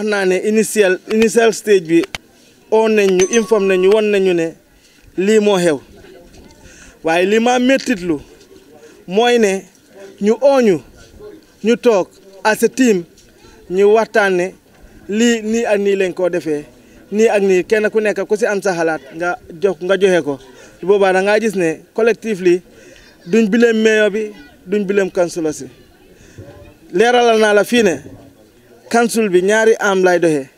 wax naa ne initial initial stage bi oo nañ ñu informe nañ ñu won nañu ne lii moo xew waaye li ma méttitlu mooy ne ñu ooñu ñu toog as a team ñu waxtaan lii nii ak nii lañ koo defee nii ak nii kenn ku nekk ku si am sa xalaat nga jox nga joxe ko bu boobaa da ngaa gis ne collectif li duñ bileem meeyo bi duñ bileem kansula si leeralal naa la fii council bi ñaari am lay doxee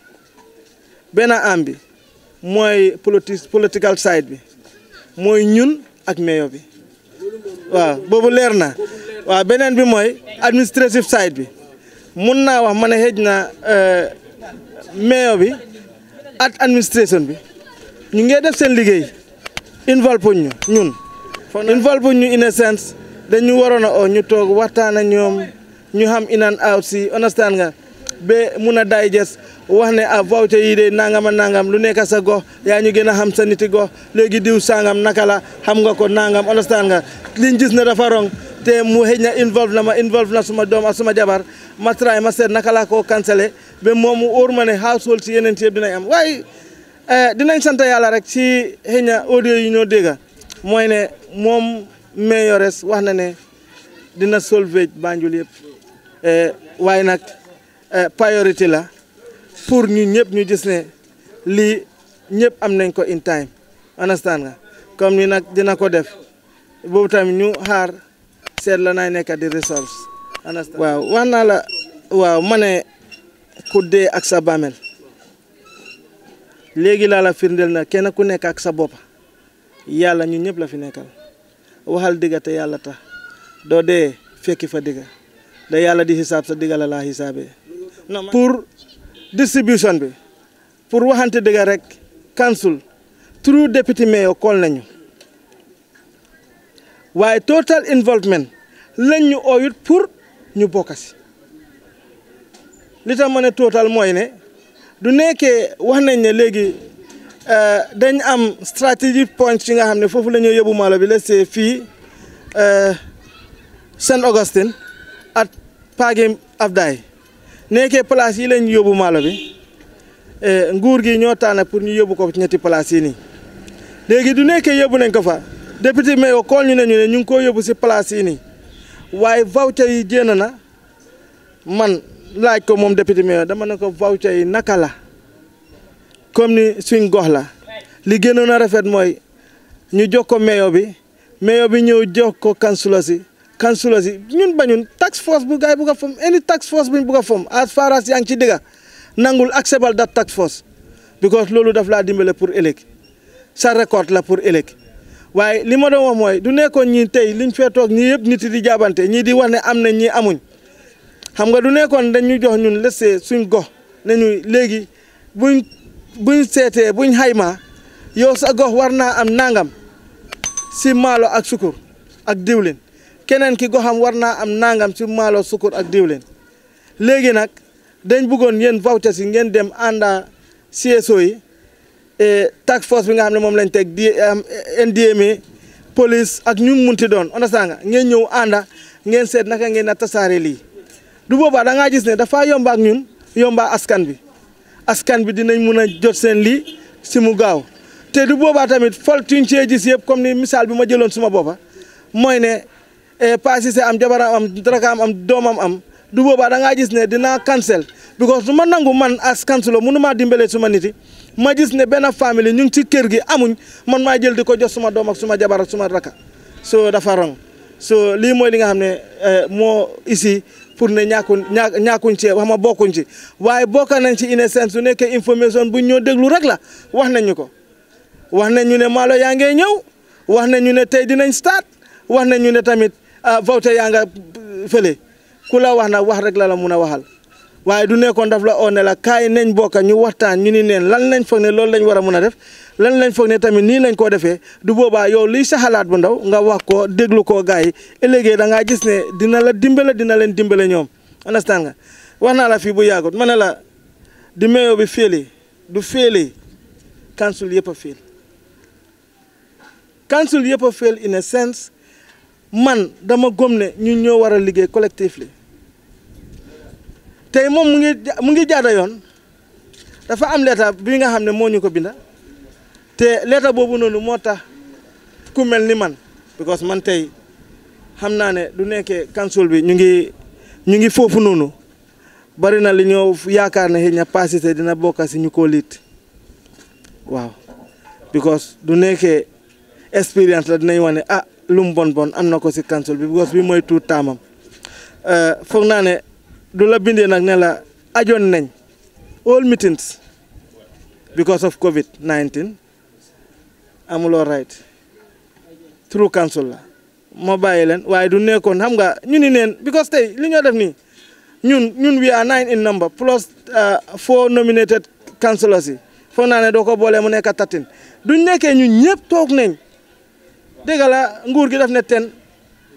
benn am bi mooy politi political side bi mooy ñun ak mayor bi waaw boobu leer na waaw beneen bi mooy administrative side bi mun naa wax ma ne xëj na euh, mayor bi ak administration bi ñu ngi def seen liggéey involve ñu ñun involve ñu in a sense dañu waroon a oo ñu toog waxtaan ak ñoom ñu xam in and out si understand nga ba mun a digest wax ne ah voucher yi de nangam a nangam lu nekk sa gox yaa ñu gën a xam sa niti gox léegi diw sangam naka la xam nga ko nangam understand nga liñ gis ne dafa rong te mu xëj na involve na ma involve na suma doom ak suma jabar ma try ma seet naka laa ko cancellé ba moom mu óor ma ne household si yeneen si yëpp dinañ am waaye eh, dinañ sant yàlla rek si xëj na audio yi ñoo dégga mooy ne moom mayores wax na ne dina solve Banjul yëpp eh, waaye nag Euh, priorité la pour ñu ñëpp ñu gis ne lii ñëpp am nañ ko in time understand nga comme ni nag dina ko def boobu tamit ñu xaar seet la naay nekk di resource waaw wax naa la waaw mane ne ku dee ak sa bàmmeel léegi laa la firndeel na kenn ku nekk ak sa boppa yàlla ñu ñëpp la fi nekkal waxal digga te yàlla tax doo dee fekki fa digga da yàlla di xisaab sa digga la laa xisaabee pour distribution bi pour waxante dëgg rek council through deputy mayor kool nañu waaye total involvement lañ ñu ooyut pour ñu bokk li tax ma ne total mooy ne du nekkee wax nañ ne léegi euh, dañ am strategy point yi nga xam ne foofu la ñuy yóbbu maalo bi la see fii euh, Saint Augustine at Pagim Abdaye nekkee place yi lañ yóbbu maalo bi eh, nguur gi ñoo tànn pour ñu yóbbu ko ci ñetti place yi nii léegi du nekkee yóbbu nañ ko fa député mais yow kool ñu nañu ne ñu ngi ko yóbbu si place yi ni waaye voucher yi jéena na man laaj ko moom député mais dama na ko vaw yi naka la comme ni suñ gox la li gënoon rafet mooy ñu jox ko meyo bi meyo bi ñëw jox ko kansula si councillors yi ñun bañun tax force bu gaay bu a fom any tax force buñ bugg a fom as far yaa ngi ci dëgga nangul ak acceptable dat tax force because loolu daf la dimbale pour ëllëg sa record la pour ëllëg waaye li ma doon wax mooy du nekkoon ñi tey liñ fee toog ñii yëpp nit di jaabante ñii di wax ne am na ñii amuñ xam nga du nekkoon dañ ñu jox ñun lesee suñ gox ne ñu léegi buñ buñ seetee buñ xaymaa yow sa gox war naa am nangam si maalo ak sukur ak diwlin keneen ki goxam war naa am nangam ci maalo sukkur ak diwlin léegi nag dañ bëggoon yéen vouchers yi ngeen dem ànda CSO yi e, task force bi nga xam ne moom lañ teg di e, NDMA police ak ñun mun munti doon understand nga ngeen ñëw ànda ngeen seet naka ngeen a tasaare lii du boobaa da ngaa gis ne dafa yomba ak ñun yomba askan bi askan bi dinañ mun a jot seen lii si mu gaaw te du boobaa tamit fol tuñ cee gis yëpp comme ni misaal bi ma jëloon suma boppa mooy ne Eh, pa Cissé am jabaram am darakaam am doomam am du boobaa da ngaa gis ne dinaa kansel because du ma nangu man as councilor mënu maa dimbale suma nit ma gis ne benn famille ñu ngi ci kër gi amuñ man maa jël di ko jox suma doom ak suma jabar ak suma raka so dafa rong so lii mooy li nga xam ne eh, moo ici pour ne ñàkkuñ ñàkk ñàkkuñ ci wax ma bokkuñ ci waaye bokka nañ ci une seen su nekkee information buñ ñoo déglu rek la wax nañu ko wax nañu ne maalo yaa ngee ñëw wax nañu ne tey dinañ start wax ñu ne tamit ah voté yaa nga euh, fële ku la wax na wax rek la la mun a waxal waaye du nekkoon daf la oo ne la kaay nañ bokk ñu waxtaan ñu ni neen lan lañ foog ne loolu lañ war a mun a def lan lañ foog ne tamit nii lañ koo defee du boobaa yow liy sa xalaat bu ndaw nga wax ko déglu koo gars yi ëllëgee da ngaa gis ne dina la dimbale dina leen dimbale ñoom understand nga wax naa la fi bu yàggut ma na la di meyo bi féeli du féeli council yëpp a féel council yëpp a in a man dama gëm ne ñun ñoo war a liggéey collectif li tey moom mu ngi mu yoon dafa am leeta bi nga xam ne moo ñu ko binda te leeta boobu noonu moo tax ku mel ni man because man tey xam naa ne du nekkee council bi ñu ngi ñu ngi foofu noonu bari na li ñoo yaakaar ne xëy na dina bokka si ñu ko liit waaw because du nekkee expérience la dinañ wax ne ah, lum bon bon am na ko si council bi because bi mooy tuut taamam eh, foog naa ne du la bindee nag ne la ajoon nañ all meetings because of covid 19 amuloo right through council la ma bàyyi leen waaye du nekkoon xam nga ñu ni neen because tey li ñoo def nii ñun ñun we are nine in number plus eh, four nominated councillors yi foog naa ne doo ko boolee mu nekk tatin duñ nekkee ñun ñëpp toog nañ dégg nguur gi def ne ten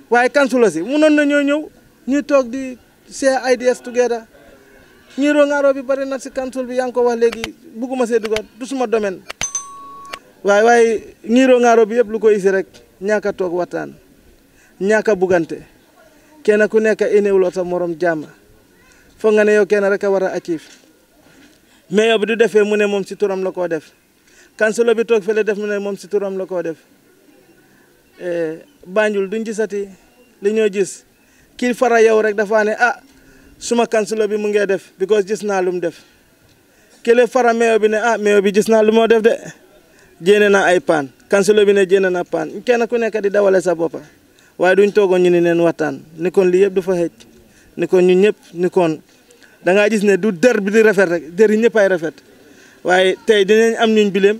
waaye kansula si munoon na ñoo ñëw ñu toog di share ideas together ñi rongaaroo bi bari na si kansul bi yaa ngi ko wax léegi bugguma see dugal du suma domaine waaye waaye ñi rongaaroo bi yëpp lu ko isi rek ñaaka toog waxtaan ñaaka bugante kenn ku nekk énewuloo sa morom jàmm foog nga ne yow kenn rek a war a achieve mais yow bi du defee mu ne moom si turam la koo def kansula bi toog fële def mu ne moom si turam la koo def Eh, Banjul duñ gisati li ñoo gis kii fara yow rek dafaa ne ah suma kansulo bi mu ngee def because gis naa lu mu def kële fara meew bi ne a ah, meew bi gis naa lu moo def de jéene na ay paan kansulo bi ne jéene na paan kenn ku nekk di dawale sa boppa waaye duñ toogoon ñu ni neen waxtaan ni lii yëpp du fa xëcc ni ñu ñëpp ni danga da gis ne du der bi di rafet rek der yi ñëpp ay rafet waaye tey dinañ am ñuñ bileem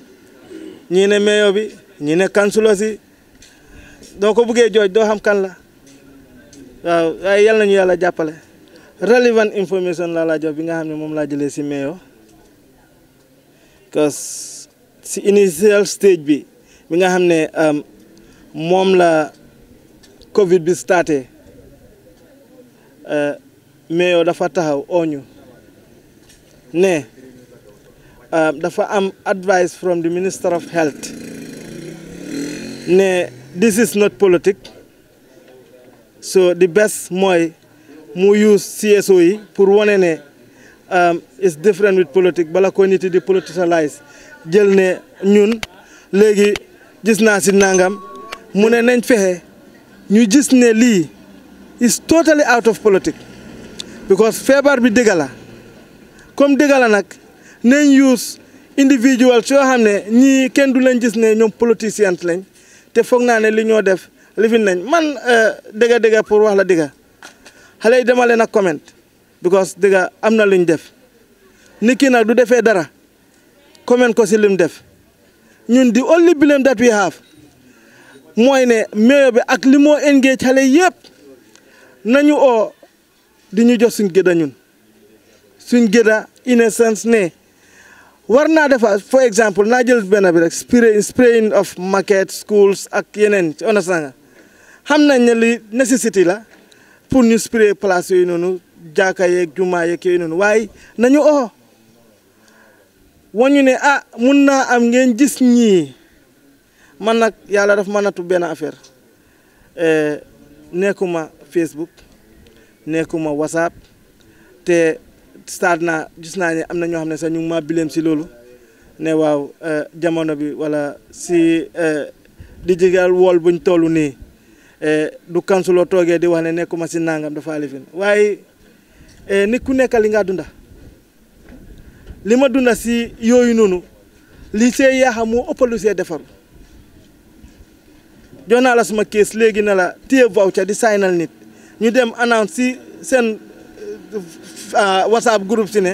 ñii ne meeyo bi ñii ne kansulo doo ko buggee jooj doo xam kan la waaw waaye yal nañu yàlla jàppale relevant information laa laa jox bi nga xam ne moom laa jëlee si meyo parce que bi bi nga xam ne um, moom la covid bi starté uh, meyo dafa taxaw ooñu ne um, dafa am advice from the minister of health ne this is not politics so di best mooy mu use CSO yi pour wane ne um, is different with politique bala ko nit yi di politicalize jël ne ñun léegi gis naa si nangam mu ne nañ fexe ñu gis ne lii is totally out of politique because feebar bi dëgg la comme dëgg la nag nañ use individual yoo xam ne ñii kenn du leen gis ne ñoom politiciens lañ te foog naa ne li ñoo def lifin nañ man euh, dëgga dëgga pour wax la dëgga xale yi demale leen a comment because dëgga am na lu ñu def nit ki du defee dara comment ko si lim def ñun di only blame that we have mooy ne meyo bi ak limoo moo engage xale yëpp nañu oo di ñu jox suñ gëdda ñun suñ gëdda innocence ne war naa defa for exemple naa jël benn bi rek spray spraying of market schools ak yeneen ci understand nga xam nañ ne li nécessité la pour ñu spray place yooyu noonu jaaka yeeg jumaa yeeg yooyu noonu waaye nañu oo wañu ne ah mun naa am ngeen gis ñii man nag yàlla daf ma nattu benn affaire eh, nekkuma Facebook nekkuma WhatsApp te stade naa gis naa ne am na ñoo xam ne sa ñu ngi maa bileem si loolu ne waaw euh, jamono bi walla si euh, di jigal wol buñ toll nii euh, du kansuloo toogee di wax ne nekkuma si nangam dafa alifin waaye nit ku nekk li nga dunda li ma dunda si yooyu noonu li see yaaxa moo ëpp lu see defaru jox naa la suma kees léegi ne la téye voucher di nal nit ñu dem annonce si seen Ah, whatsapp group sini, ne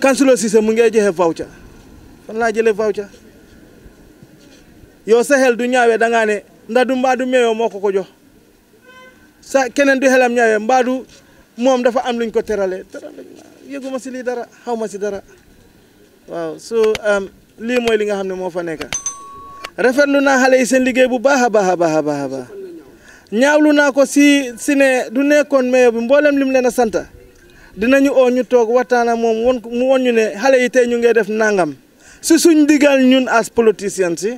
Councilor Ceesay mu ngee joxe voucher fan la jëlee voucher Yo sahel du ñawé da nga né du mbaadu ko jox sa kenen du xelam ñawé mbaadu moom dafa am luñ ko terale terale yëguma si dara xawma ci dara waaw so li moy li nga xamné mo fa nekk rafetlu naa xale yi seen liggéey bu baaxa baaxa baaxa baaxa. ñaawlu na ko si sine du nekkoon meeyoo bi mbolam lim santa dinañu oo ñu toog waxtaan moom won mu won ñu ne xale yi tey ñu ngey def nangam si suñ digal ñun as politiciens si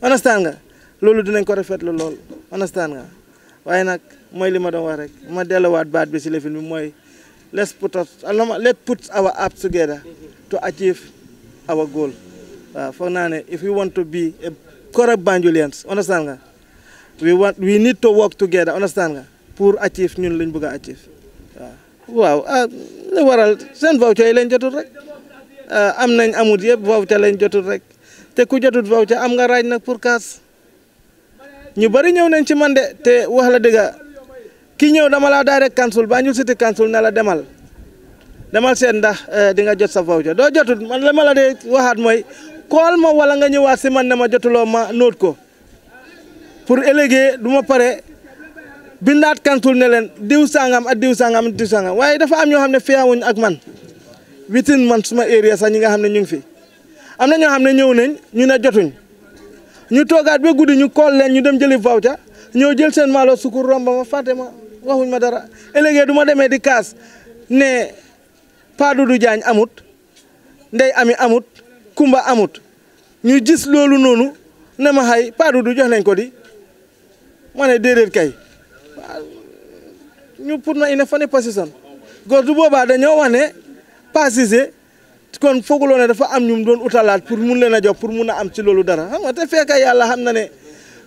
understand nga loolu dinañ ko rafetlu lool understand nga waaye nag mooy li ma doon wax rek ma delluwaat baat bi si lefin bi mooy let's put us let's put our apps together to achieve our goal waaw foog naa ne if we want to be a correct Banjulians understand nga we want we need to work together understand nga pour achieve ñun lañ bëgg a waaw ah li waral seen voucher yi lañ jotul rek ah, am nañ amut yëpp voucher lañ jotul rek te ku jotul voucher am nga raaj nag pour kaas ñu bëri ñëw nañ ci man de te wax la dëgga ki ñëw dama laa direct council Banjul City council ne la demal demal seen ndax eh, di nga jot sa voucher doo jotul man la ma la dee waxaat mooy kool ma wala nga ñëwaat si man ne ma jotuloo ma noot ko pour éléguer du pare. bindaat kantul ne leen diw sangam ak diw sangam ak diw sangam waaye dafa am ñoo xam ne feewuñ ak man witin man suma area sax ñi nga xam ne ñu ngi fi am na ñoo xam ne ñëw nañ ñu ne jotuñ ñu toogaat ba guddi ñu kool leen ñu dem jëli voucher ñoo jël seen maalo sukur romba ma fàtte ma waxuñ ma dara ëllëgee duma demee di kaas ne Pa du Jaañ amut ndey ami amut kumba amut ñu jis loolu noonu ne ma xay Pa Dudu jox nañ ko di ma ne déedéet kay ñu pour na ina fane pasison gordu boobaa dañoo wax ne Pa Cissé kon fooguloo ne dafa am ñum doon utalaat pour mun leen a jox pour mun a am ci loolu dara xam nga te fekka yàlla xam na ne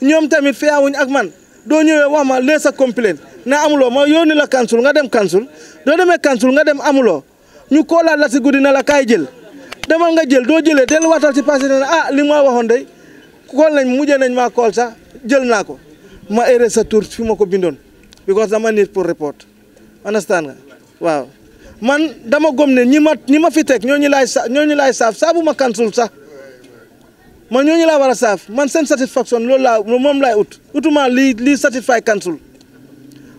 ñoom tamit awuñ ak man doo ñëwee wax ma lee sa complaint na amuloo ma yónni la kansul nga dem kansul doo demee kansul nga dem amuloo ñu koolaat la si guddi na la kaay jël demal nga jël doo jëlee del waatal si passé ne ah li ma waxoon day kool nañ mujjee nañ maa kool sax jël naa ko ma erré sa tour fi ma ko bindoon because dama need pour report understand nga waaw man dama gom ne ñi ma ñi ma fi teg ñooñu laay sa ñooñu laay saaf saabu ma kansul sax man ñooñu laa war a saaf man seen satisfaction loolu laa moom laay ut utuma lii lii satisfy kansul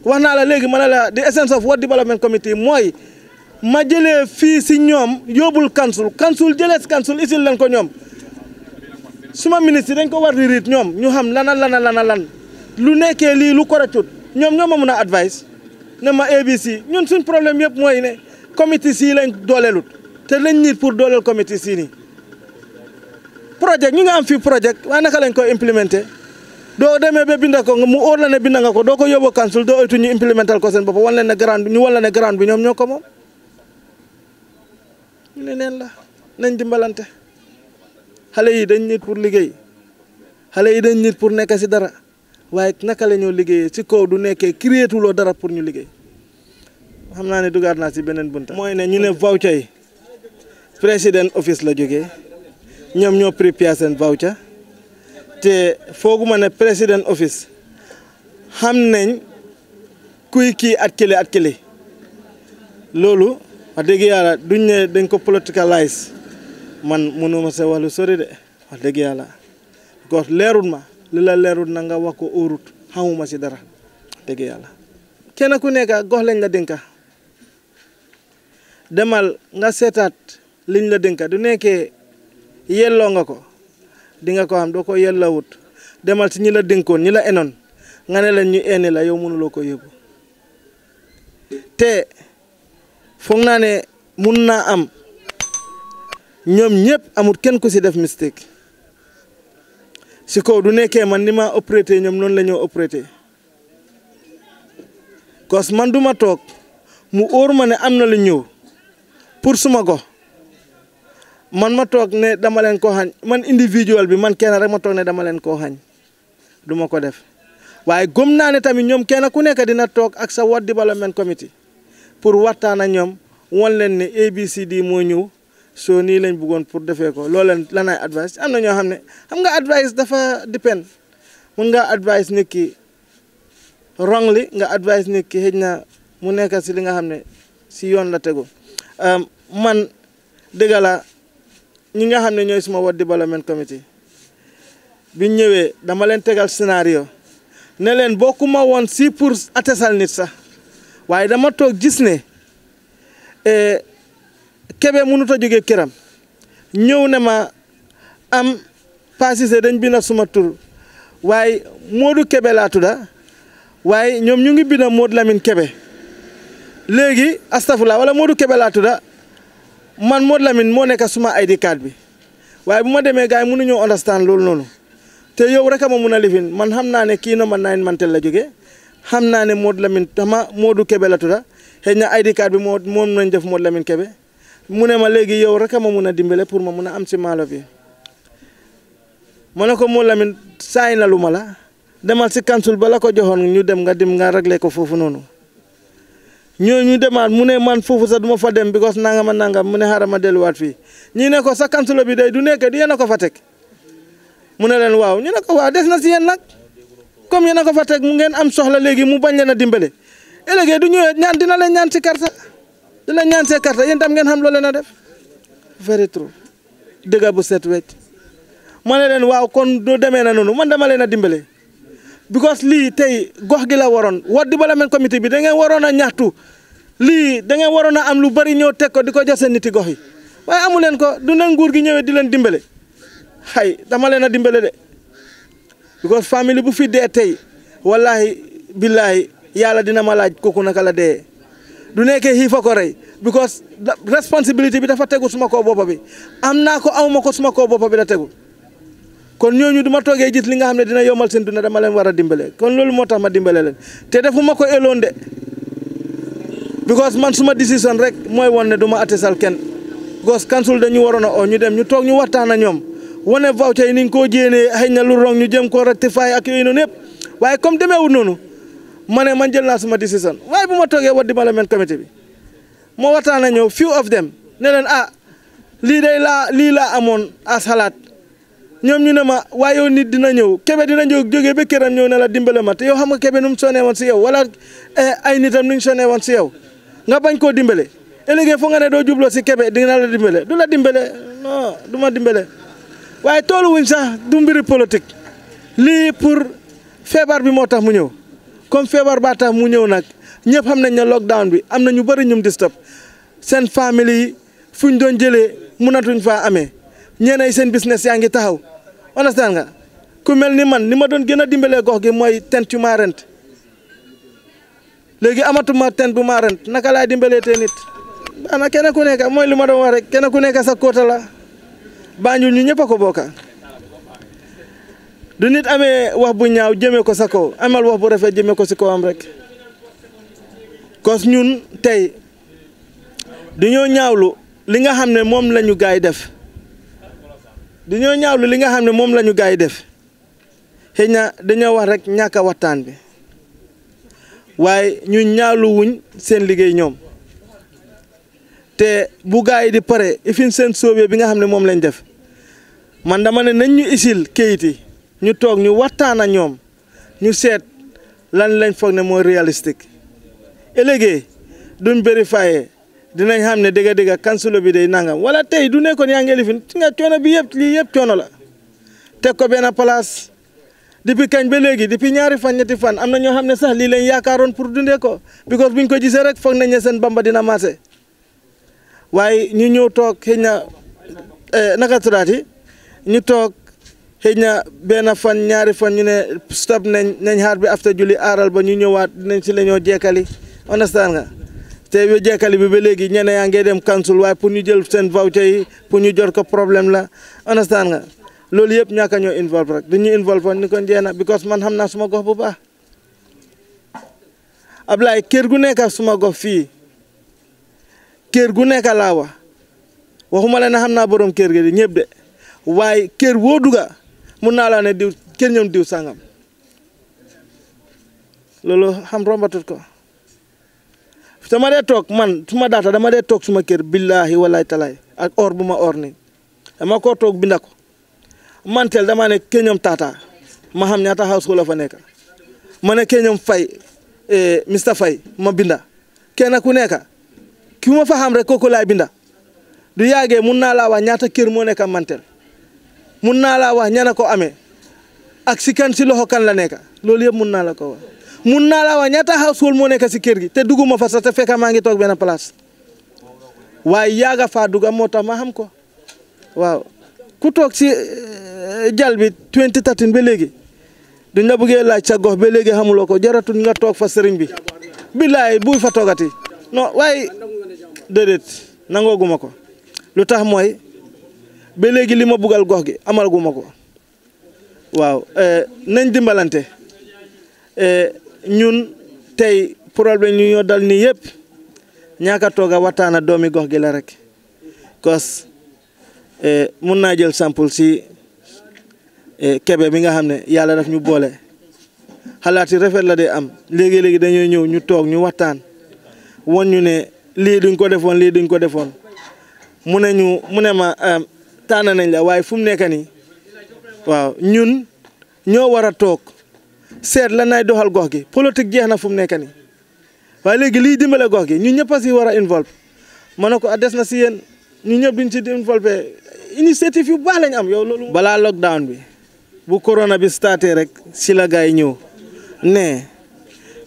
wax naa la léegi ma ne la the essence of what development committee mooy ma jëlee fii si ñoom yóbbul kansul kansul jëlee si kansul isil leen ko ñoom suma ministre dañ ko war di ñoom ñu xam lana lana lana lan lu nekkee lii lu correctut ñoom ñoo ma mun a advice ne ma ABC ñun suñ problème yëpp mooy ne comité sii lañ dooleelut te lañ nit pour dooleel comité sii ni projet ñu nga am fii projet waaye naka lañ ko implémenté doo demee ba binda ko mu óor la ne binda nga ko doo ko yóbbu council doo oytu ñu implémental ko seen bopp wan leen ne grant ñu wan la ne bi ñoom ñoo ko moom ñu ne neen la nañ dimbalante xale yi dañ nit pour liggéey xale yi dañ nit pour nekk si dara waaye naka la ñoo liggéeyee ci kaw du nekkee créétuloo dara pour ñu liggéey xam naa ne dugaat naa si beneen bunt mooy ne ñu ne voucher yi président office la jóge ñoom ñoo prépare seen voucher te fooguma ne président office xam nañ kuy kii at kële at kële loolu wax dëgg yàlla duñ ne dañ ko politicalize man mënuma sa wàllu sori de wax dëgg yàlla ko leerul ma lila leru nanga wako urut wax masih goh dara tege yàlla kena kuneka nekk gox dinka demal nga setat liñ la dénka du nekkee nga ko dinga ko xam doo ko demal si la dénkoon ñi nga ne ñu ene la yow te foog munna am nyom nyep amut ken ku def mistake si kaw du nekkee man ni ma opérété ñoom noonu la ñoo opérété parce que man duma toog mu óor ma ne am na lu ñëw pour suma gox man ma toog ne dama leen koo xañ man individuel bi man kenn rek ma toog ne dama leen koo xañ du ma ko def waaye gëm naa ne tamit ñoom kenn ku nekk dina toog ak sa ward development committee pour waxtaan ak ñoom wan leen ne ABCD moo ñëw soo nii lañ buggoon pour defee ko looleen lanaay advice am na ñoo xam ne xam nga advice dafa dépend mun nga advice nit ki wrong li nga advice nit ki xëj na mu nekk si li nga xam ne si yoon la tegu um, man dëgg la ñi nga xam ne ñooy ma ward development committee biñ ñëwee dama leen tegal scénario ne leen bokkuma woon si pour atesal nit sax waaye dama toog gis ne eh, Kébé mënut a jóge këram ñëw ne ma am paasise dañ bind suma tur waaye Modou Kébé laa tudda waaye ñoom ñu ngi bind Modou Lamine Kébé léegi astafurlah wala Modou Kébé laa tudda man Modou Lamine moo nekk suma ID card bi waaye bu ma demee gars yi mënuñoo understand loolu noonu te yow rek a ma mun a lifin man xam naa ne kii number nine Mantel la jógee xam naa ne Modou Lamine tama Modou Kébé la tudda xëy na ID card bi moo moom nañ def Modou Lamine Kébé mune ma legi yow rek ma muna dimbele pour ma muna am ci maalo bi ma mo lamin sayna luma la demal ci kansul ba la ko joxon ñu dem nga dim nga réglé ko fofu nonu ñoo ñu demal mune man fofu sa duma fa dem because nanga nangam mu ne xaaral ma delluwaat fii ñi ne ko sa kansulo bi day du nekk di yéen ko fa tek mune len leen waaw ñu ne ko wa des na ci yéen nak comme yéen ko fa tek mu ngeen am soxla mu bañ du ñu ñaan dina leen ñaan ci dina ñaan sé carte yeen tam ngeen xam loolu na def very true dëgg bu set wecc ma wa leen waaw kon do démé na nonu man dama dimbalé because li tay gox gi la waroon bala Development Committee bi da ngeen warona ñaatu li da ngeen warona am lu bari ñëw teg ko di ko niti gox yi way amu len ko du na nguur gi ñëwee di len dimbalé hay dama dimbalé dé because family bu fi dé tay wallahi billahi yalla dina ma laaj koku naka la dé du nekkee xiif a ko rey because responsibility bi dafa tegu suma koo boppa bi am naa ko aw ko suma koo boppa bi la tegu kon ñooñu du ma toogee gis li nga xam ne dina yomal seen dund dama leen war a dimbale kon loolu moo tax ma dimbale leen te defuma ko éloon de because man suma décision rek mooy woon ne du attesal kenn because council dañu waroon a oo ñu dem ñu toog ñu waxtaan ak ñoom wane voucher yi ni ñu koo jéenee xëy na lu rong ñu jëm koo rectifier ak yooyu noonu yëpp waaye comme demeewul noonu ma ne man jël naa suma décision waaye bu ma toogee waddi parlement comité bi moo waxtaan a ñëw few of them ne leen ah lii day laa lii laa amoon as xalaat ñoom ñu ne ma waaye yow nit dina ñëw kebe dina ñëw jógee ba këram ñëw ne la dimbale ma te yow xam nga kebe nu mu sonee woon si yow wala eh, ay nitam nu ñu woon si yow nga bañ koo dimbale ëllëgee foo nga ne doo jubloo si kebe dina la dimbale du la dimbale non ma dimbale waaye toolu wuñ sax du mbiri politique lii pour feebar bi moo tax mu ñëw comme feebar baa tax mu ñëw nag ñëpp xam nañ ne lockdown bi am na ñu bëri ñum disturb seen famille yi fu ñu doon jëlee mënatuñ faa amee ñeenay seen business yaa ngi taxaw understand nga ku mel ni man ni ma doon gën a dimbalee gox gi mooy tent yu maa rent léegi amatuma tent bu maa rent naka laay dimbalee te nit na kenn ku nekk mooy li ma doon wax rek kenn ku nekk sa kóota la Banjul ñu ñëpp a ko bokka du nit amee wax bu ñaaw jëmee ko sa kow amal wax bu rafet jëmee ko si kawam rek kos ñun tey dañoo ñaawlu li nga xam ne moom la ñu gaay def dañoo ñaawlu li nga xam ne moom lañu ñu gaay def xëy na dañoo wax rek ñàkk a waxtaan bi waaye ñu ñaawlu wuñ seen liggéey ñoom te bu gaay di pare ifin seen sóobee bi nga xam ne moom lañ def man dama ne nañ ñu isil kayit yi ñu tok ñu waxtaan ak ñom ñu sét lan lañ fogné mo mooy réalistique ëllëgee duñ vérifier dinañ xamné ne dëgg kansulo bi day nangam wala tay du nekkoon yaa ngi lifin nga coono bi yépp li yépp coono la teg ko benn place depuis kañ ba légui depuis ñaari fan ñetti fan amna ño xamné sax li lañ pour dundé ko because buñ ko gissé rek fogné nañ sen bamba dina marché waye ñu ñëw tok xëy euh naka ñu tok xëy na benn fan ñaari fan ñu ne stop nañ nañ xaar bi after julli aaral ba ñu ñëwaat dinañ si la ñoo jekkali understand nga te ba jekkali bi ba léegi ñeneen yaa ngi dem council waaye pour ñu jël seen voucher yi pour ñu jot ko problème la understand nga loolu yëpp ñàkk a ñoo involve rek dañuy involve ni ko njeena because man xam naa suma gox bu baax Ablaye kër gu nekk suma gox fii kër gu nekk laa wax waxuma la ne naa borom kër gi de ñëpp de waaye kër woo dugga mun naa laa ne diw kenn ñoom diw sàngam loolu xam rombatut ko sama dee toog man su ma daata dama dee toog suma kër billaahi walaay talaay ak or bu ma or ni dama koo toog binda ko man teel damaa ne kenn ñoom taataa ma xam ñaata household la fa nekk ma ne kenn ñoom fay eh, Mr Faye ma binda kenn ku nekk ki ma fa xam rek kooku laay binda du yàggee mun naa laa ñaata kër moo nekk mantel mun naa laa wax ñana ko amee ak si kan si loxo kan la nekk loolu yëpp mun naa la ko wax mun naa laa wax ñaata household moo nekk si kër gi te dugguma fa sa te fekk maa ngi toog benn place waaye yaaga faa dugg moo tax ma xam ko waaw ku toog si eh, jal bi 2013 léegi duñ la bëggee laaj sa gox ba léegi xamuloo ko jaratuñ nga toog fa sëriñ bi billaay buy fa toogati non waaye déedéet nangooguma ko lu tax mooy ba léegi li ma buggal gox gi amal gu ma ko waaw eh, nañ dimbalante eh, ñun tey problème ñu ñoo dal nii yëpp ñaaka toog a waxtaan ak doomi gox gi la rek cos eh, mun naa jël sample si kebe bi nga xam ne yàlla daf ñu boole xalaati rafet la dee am léegi-léegi dañoo ñëw ñu toog ñu waxtaan won ñu ne lii duñ ko defoon lii duñ ko defoon mu ne ñu mu ne ma waxtaana nañ la waaye fu mu nekk nii waaw ñun ñoo war a toog seet lan nay doxal gox gi politique jeex na fu mu nekk nii waaye léegi liy dimbale gox gi ñun ñëpp a si war a involve ma ne ko a ah des na si yéen ñu ñëpp duñ ci involve initiative yu baax lañ am yow loolu. balaa lockdown bi bu korona bi starté rek si la gars yi ñëw ne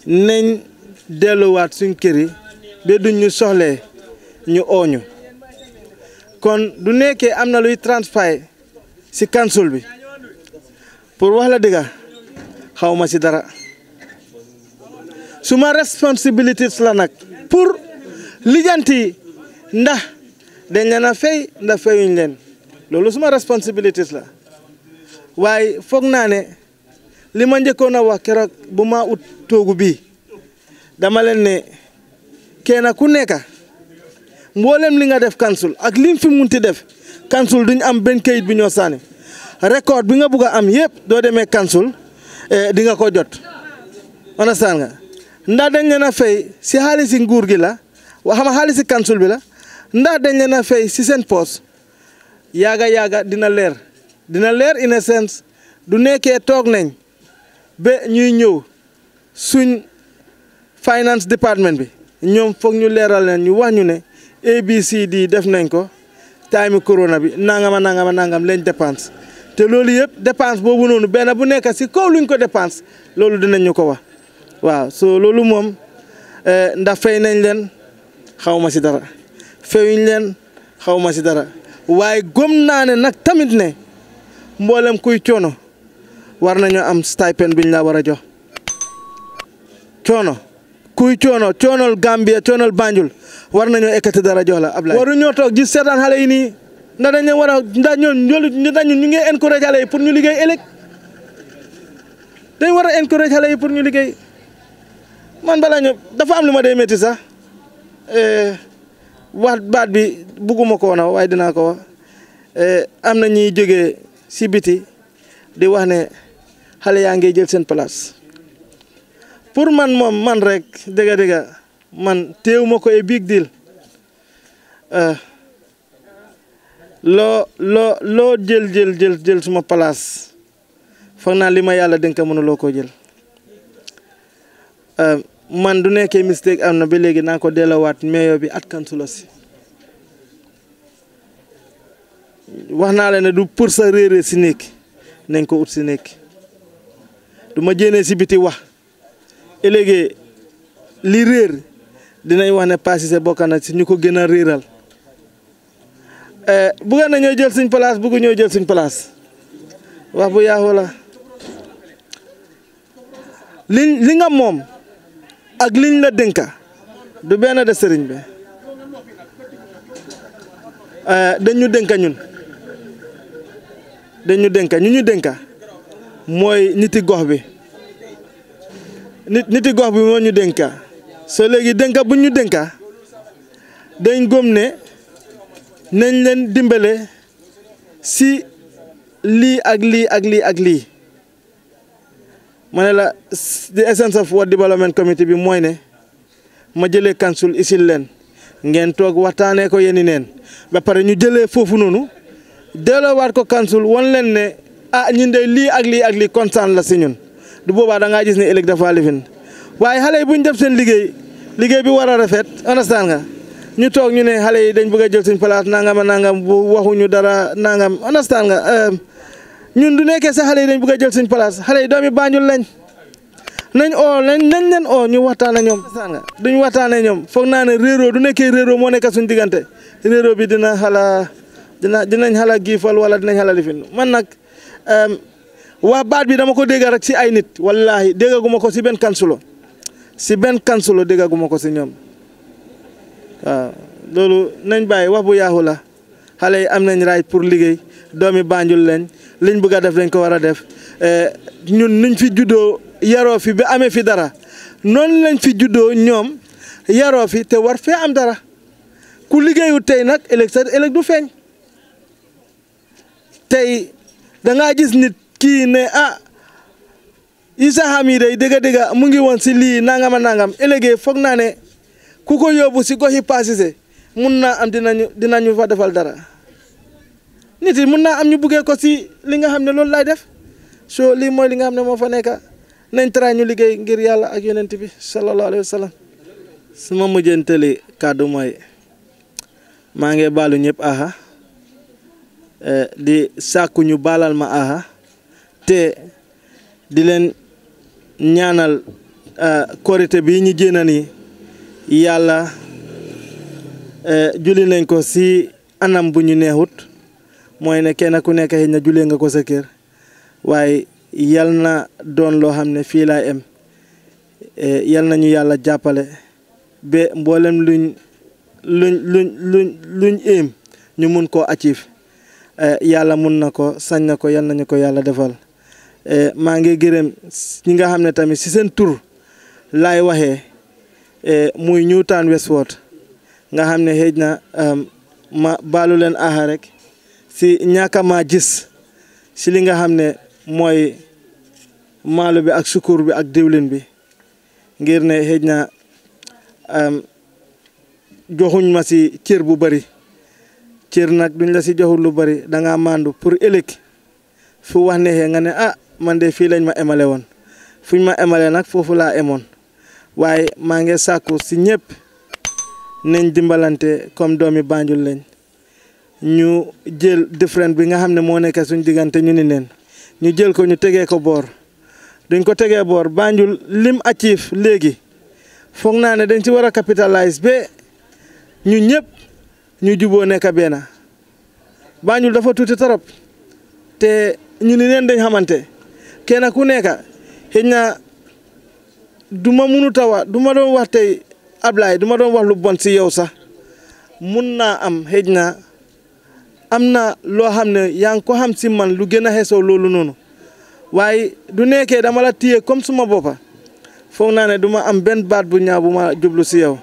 nañ delluwaat suñ kër yi duñ ñu soxlee ñu ooñu kon du nekké amna luy transpire si council bi pour wax la diga xawma ci dara suma responsibilities la nak, pour lijanti ndax dañ na a fay ndax fayuñ len loolu suma responsibilities la why foog na ne li ma njëkkoon a wax keroog bu ut togu bi dama len ne kena ku nekk mboolem li nga def kansul ak lim fi munti def kansul duñ am ben kayit bi ñoo sané record bi nga bëgg am yep dode me kansul eh, di nga ko jot understand nga nda dañ leena fay si xaalisi nguur gi la wax ma xaalisi kansul bi la nda dañ leena fay si sen poste yaga yaga dina leer dina leer in a sense du nekké tok nañ be ñuy ñëw suñ finance department bi ñom fokk ñu leeral ñu wax ñu ne ABCD def nañ ko time corona bi nangama nangama nangam lañ dépense te loolu yëpp dépense boobu noonu benn bu nekk si kaw luñ ko dépense loolu dinañ ñu ko wax waaw so loolu moom eh, ndax fay nañ leen xaw ma si dara feyuñ leen xaw ma si dara waaye gëm naa ne nag tamit ne mboolem kuy coono war nañoo am stipend biñ la war a jox coono. kuy coono coonal Gambia coonal Banjul war nañu ekati dara jola abla waru ñoo tok gis seetaan xalé yi ni nda dañu wara nda ñoon ñol ñu dañu ñu ngi encourage xalé yi pour ñu liggéey ëllëg dañu wara encourage xalé yi pour ñu liggéey man bala ñu dafa am luma ma day metti sax eh, wat baat bi bugguma ko woon way dina ko wax eh, am na ñuy jógee si biti di wax ne xalé yaa jël sen place pour man moom man rek dëgga dëgga man teewuma ko e big deal euh, loo loo loo jël jël jël jël suma palaas foog naa li ma yàlla dénk mënuloo ko jël euh, man du nekkee mistake am na ba léegi naa ko delloowaat meeyoo bi at kansula si wax naa la ne du pour sa réer si néeg nañ ko ut si néeg du ma jéenee si biti wax léegi li réer dinañ wax ne Pa Cissé bokk ñu ko gën a réeral eh, bugga na ñoo jël suñ place bugg ñoo jël suñ place wax bu yaaxu la li li nga moom ak liñ la dénka du benn de sëriñ bi eh, dañ ñu dénka ñun dañ ñu dénka ñu ñu dénka mooy niti gox bi nit niti gox bi moo ñu dénka soo léegi dénka bu ñu dénka dañ gëm ne nañ leen dimbale si lii ak lii ak lii ak lii ma ne la the essence of Ward Development Committee bi mooy ne ma jëlee council isil leen ngeen toog waxtaanee ko yéen neen ba ñu jëlee foofu noonu delloowaat ko council wan leen ne ah ñun de lii ak lii ak lii kontaan la si ñun du boobaa da ngaa gis ne ëllëg dafa lifin waaye xale yi bu ñu def seen liggéey liggéey bi war a rafet understand ñu toog ñu ne xale yi dañ bëgg a jël siñ place nangam nangam bu waxuñu dara nangam understand nga euh, ñun du nekkee sa xale yi dañ bëgg a jël suñ place xale yi doomi Banjul lañ nañ oo nañ nañ leen oo ñu waxtaan ak ñoom understand nga duñ waxtaan ak ñoom foog naa ne réeróo du nekkee réeróo moo nekk suñ digante réeróo bi dina xala dina dinañ xala giifal wala dinañ xala lifin man nag euh, waa baat bi dama ko dégg rek si ay nit wallaahi déggaguma ko si benn kansulo si benn kansulo déggaguma ko si ñoom waaw loolu nañ bàyyi wax bu yaaxu la xale yi am nañ raay pour liggéey doomi Banjul lañ liñ bëgg a def dañ ko war a def eh, ñun nuñ fi juddoo yaroo fi ba amee fi dara noon lañ fi juddoo ñoom yaroo fi te war fee am dara ku liggéeyul tey nag ëllëg sa ëllëg du feeñ tey danga ngaa gis nit kine a isa Issa dega-dega mungi dëgg mu ngi si nangam elege fok naa kuko yobu ko si ko hi passé muna am dinañu dinañu fa defal dara niti yi am ñu buggee ko si li nga xam lool lay def so li moy li nga xam mo fa nekk nañ tara ñu liggéey ngir yalla ak yonent bi sallallahu alaihi wasallam suma kaddu moy ma nge balu ñep aha eh, di sakunyu ñu balal ma aha te di len ñaanal euh, korite bi ñu jéena ni yàlla euh, juli nañ ko si anam bu ñu neexut mooy ne kenn ku nekk xëy na julee nga ko sa kër waaye yal na doon loo xam ne fii laa em euh, yal nañu yàlla jàppale ba mboolem luñ luñ luñ luñ luñ éem ñu mun koo achiv yàlla mun na ko sañ na ko yal nañu ko yàlla defal Eh, maa ngi gërëm ñi nga xam ne tamit si seen tur lay waxe eh, muy Newtown Westward nga xam ne xëj na ehm, ma baalu leen aha rek si ñàkk maa gis si li nga xam ne mooy maalo bi ak sukur bi ak diwlin bi ngir ne xeej na ehm, joxuñ ma si cër bu bari cër nag duñ la si joxul lu bari da maandu pour ëllëg fu wax ne nga ne ah. man de fii lañ ma emale woon fuñ ma emale nag foofu laa emoon waaye maa ngi sàkku si ñëpp nañ dimbalante comme doomi Banjul lañ ñu jël différence bi nga xam ne moo nekk suñ diggante ñu ni neen ñu jël ko ñu tegee ko boor duñ ko tegee boor Banjul lim actif léegi foog naa ne dañ ci war a capitaliser ba ñu ñëpp ñu juboo nekk benn Banjul dafa tuuti torop te ñu ni neen dañ xamante kenn ku nekk xëy na duma ma munut a du ma doon wax tey Ablaye du doon wax lu bon si yow sax mun naa am xëy na am na loo xam ne yaa ngi ko xam si man lu gën a xeesoo loolu noonu waaye du nekkee dama la téye comme suma boppa foog naa ne du am benn baat bu ñaaw bu ma jublu si yow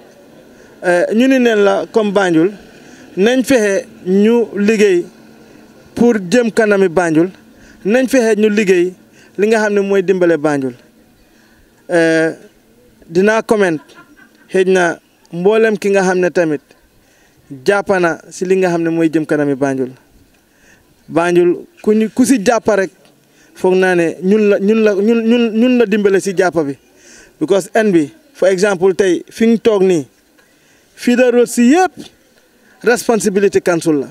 eh, ñu ni neen la comme Banjul nañ fexe ñu liggéey pour jëm kanami Banjul nañ fexe ñu liggéey li nga xam ne mooy dimbale Banjul euh, dinaa comment xëj na mboolem ki nga xam ne tamit jàppana si li nga xam ne mooy jëm kanami Banjul Banjul ku ku si jàpp rek foog naa ne ñun la ñun la ñun ñun ñun la dimbale si jàpp bi because en bi for exemple tey fi ñu toog nii fii da si yëpp responsibility council la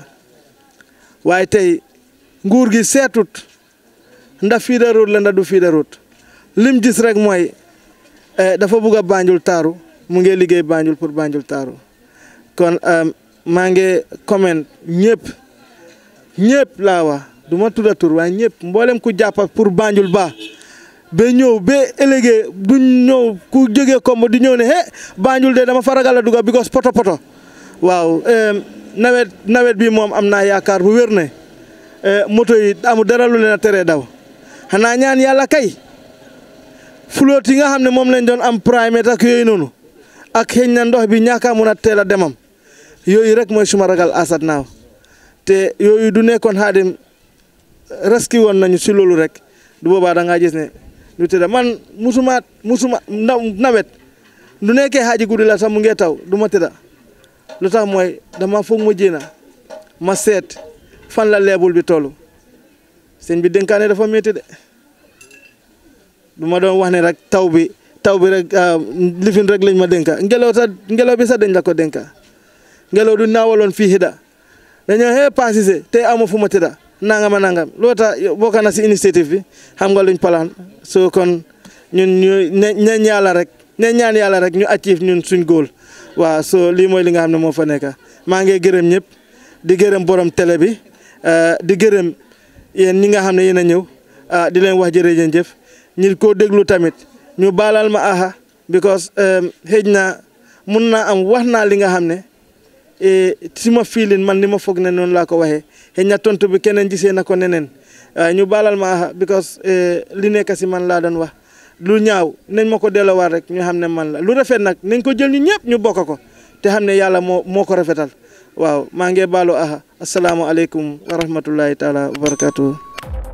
waaye tey nguur gi seetut ndax fii de route la ndax du fii de route lim gis rek mooy eh, dafa bugg a taaru mu ngi liggéey Banjul pour Banjul taaru kon eh, maa ngi comment ñëpp ñëpp laa wax du ma tudd a tur waaye ñëpp mboolem ku jàpp pour Banjul ba ba ñëw ba ëllëgee duñ ñëw ku jógee komb di ñëw ne he Banjul de dama faragal a dugg because poto poto waaw eh, nawet nawet bi moom am naa yaakaar bu wér ne moto yi dara lu leen a teree daw. xanaa ñaan yàlla kay flotte yi nga xam ne moom lañ doon am primate ak yooyu noonu ak xëñ na ndox bi ñàkk a mun a teel a demam yooyu rek mooy suma ragal asat naaw te yooyu du nekkoon xaadim reski woon nañu si loolu rek du boobaa da ngaa gis ne lu tëdd man musuma musuma nawet du nekkee xaaji guddi la sax mu ngi taw du ma tëdd lu tax mooy dama foog ma jéem a ma seet fan la leebul bi toll. sëñ bi dénkaane dafa métti de du ma doon wax ne rek taw bi taw bi rek ah, lifin rek lañ ma dénka ngelaw sa ngelaw bi sa dañ la ko dénka ngelaw du naawaloon fii xida dañoo xee eh, paasise te amu fu ma tëdda nangam a nangam loo tax bokk na si initiative bi xam nga luñ palaan soo kon ñun ñu ne ñaala rek ne ñaan yàlla rek ñu actif ñun suñ góol waaw soo lii mooy li nga xam ne moo fa nekk maa ngi gërëm ñëpp di gërëm borom télé bi eh, di gërëm yéen ñi nga xam ne yéen a ñëw ah di leen wax jëf ñi ko déglu tamit ñu baalal ma aha because um, xëj naa mun naa am wax naa li nga xam ne eh, si ma fiilin man ni ma foog ne noonu laa ko waxee xëj na tontu bi keneen gisee na ko neneen waaye ñu baalal ma aha because eh, li nekk si man laa doon wax lu ñaaw nañ ma ko delloowaat rek ñu xam ne man la lu rafet nag nañ ko jël ñu ñëpp ñu bokk ko te xam ne yàlla moo moo ko rafetal waaw maa ngi baalu aha asalaamaaleykum wa rahmatullahi taala wa barakatuh